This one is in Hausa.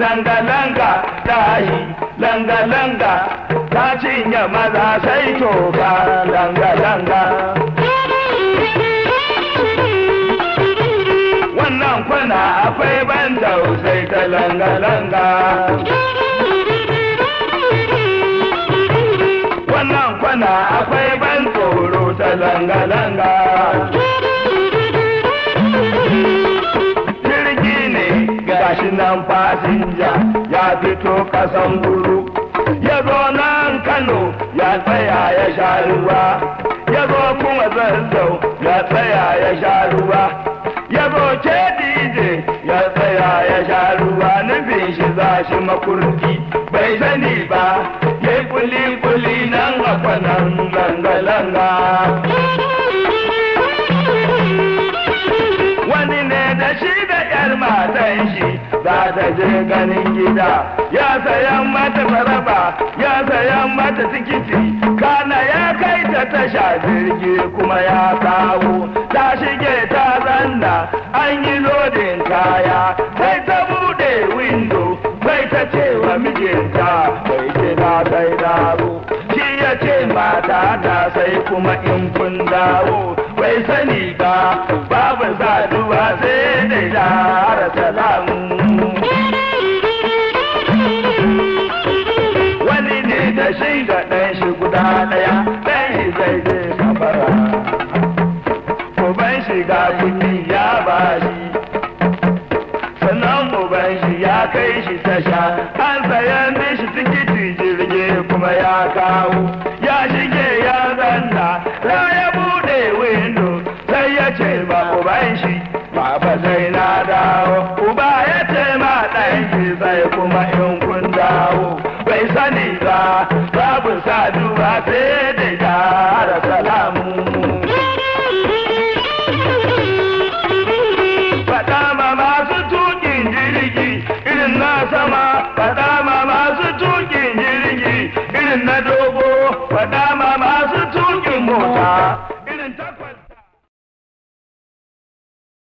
Langa-langa ta yi langa-langa ta cinye maza sai toka langa-langa. Wannan kwana akwai ban sai ta langa-langa. Wannan kwana akwai nan fasinja ya fito kasan buru ya zo nan kano ya tsaya ya sha ruwa ya zo kuma zazzau ya tsaya ya sha ruwa ya zo ke dije ya tsaya ya sha ruwa nufin shi za shi makurki bai sani ba ya kuli kuli nan nan langa-langa ya shi za ta je ganin gida ya sayan mata faraba ya sayan mata tikiti kana ya kai ta tasha jirgi kuma ya kawo ta shige ta zanna an yi lodin kaya sai ta bude windo sai ta ce wa mijinta bai kina sai naro. fata da sai kuma in kun dawo bai sani ga babu saduwa sai da yara salamu wani ne da shi ga ɗan shi guda ɗaya ɗan shi zai je kabara ban shi ga kuni ya ba shi sannan ban shi ya kai shi tasha an sayan mishi tikiti kuma ya kawo ya shige ya zanna la ya bude windo sai ya ce ba bai shi baba sai na dawo ba ya ce ma ɗan shi sai kuma in kun dawo bai sani ba babu saduwa sai Krishna.